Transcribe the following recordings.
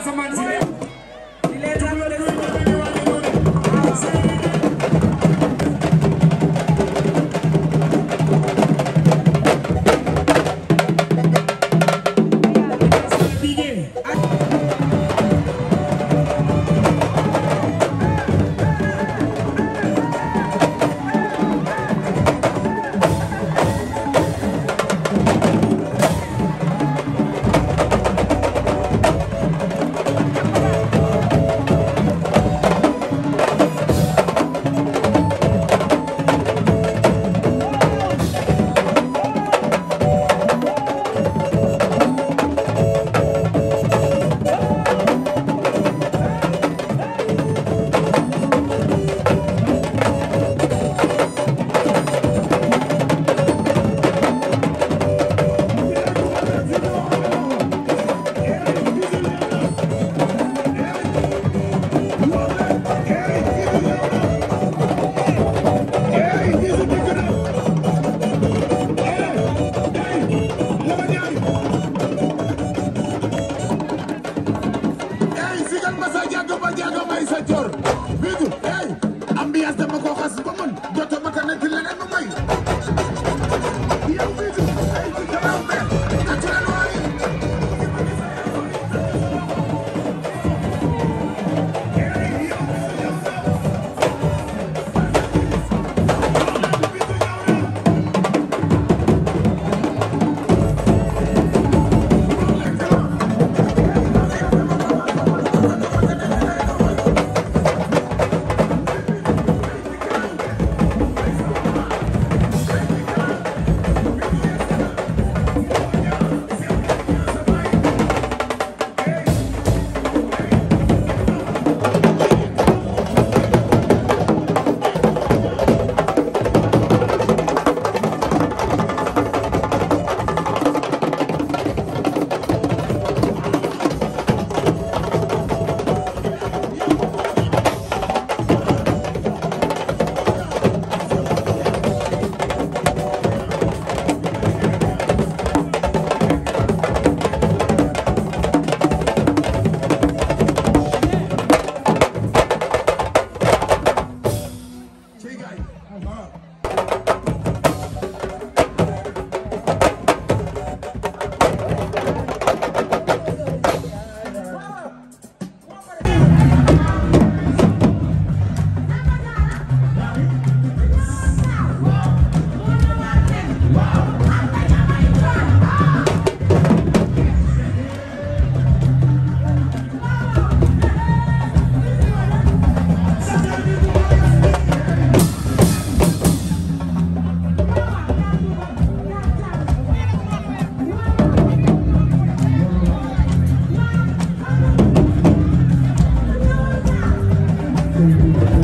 asamaan si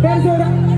Persora.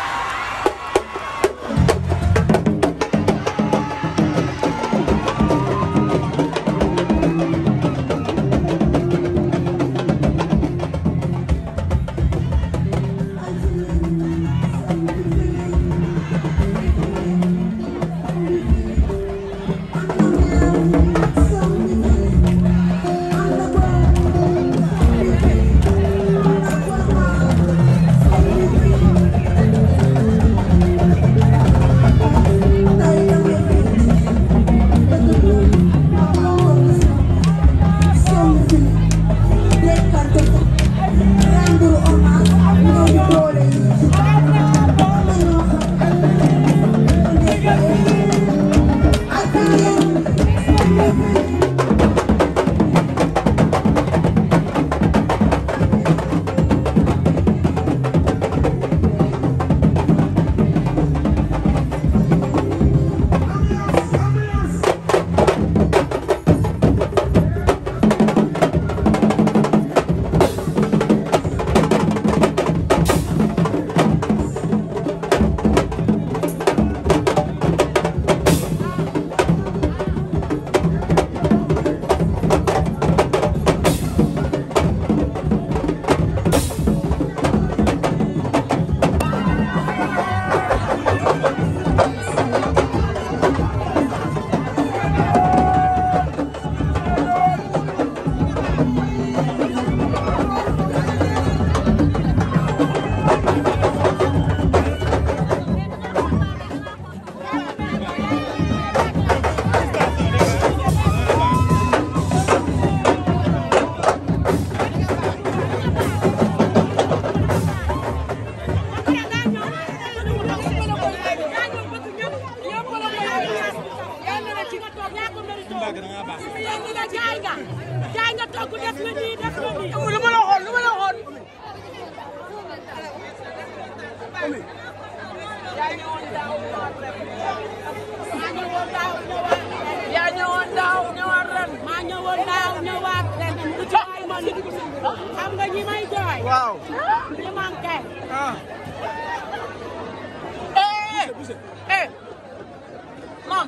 léegi nag jaay nga jaay nga togg def nga nii def nga nii. amul lu ma la waxoon lu ma la waxoon. yaa ñëwoon daaw ñëwaat ren. maa ñëwoon daaw ñëwaat ren. yaa ñëwoon daaw ñëwaat ren. maa ñëwoon daaw ñëwaat ren. lu ci may man xam nga ñi may jooy. waaw ñi manqué. ah. eh eh. moom.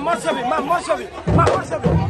maam morso bi maam morso bi maam morso bi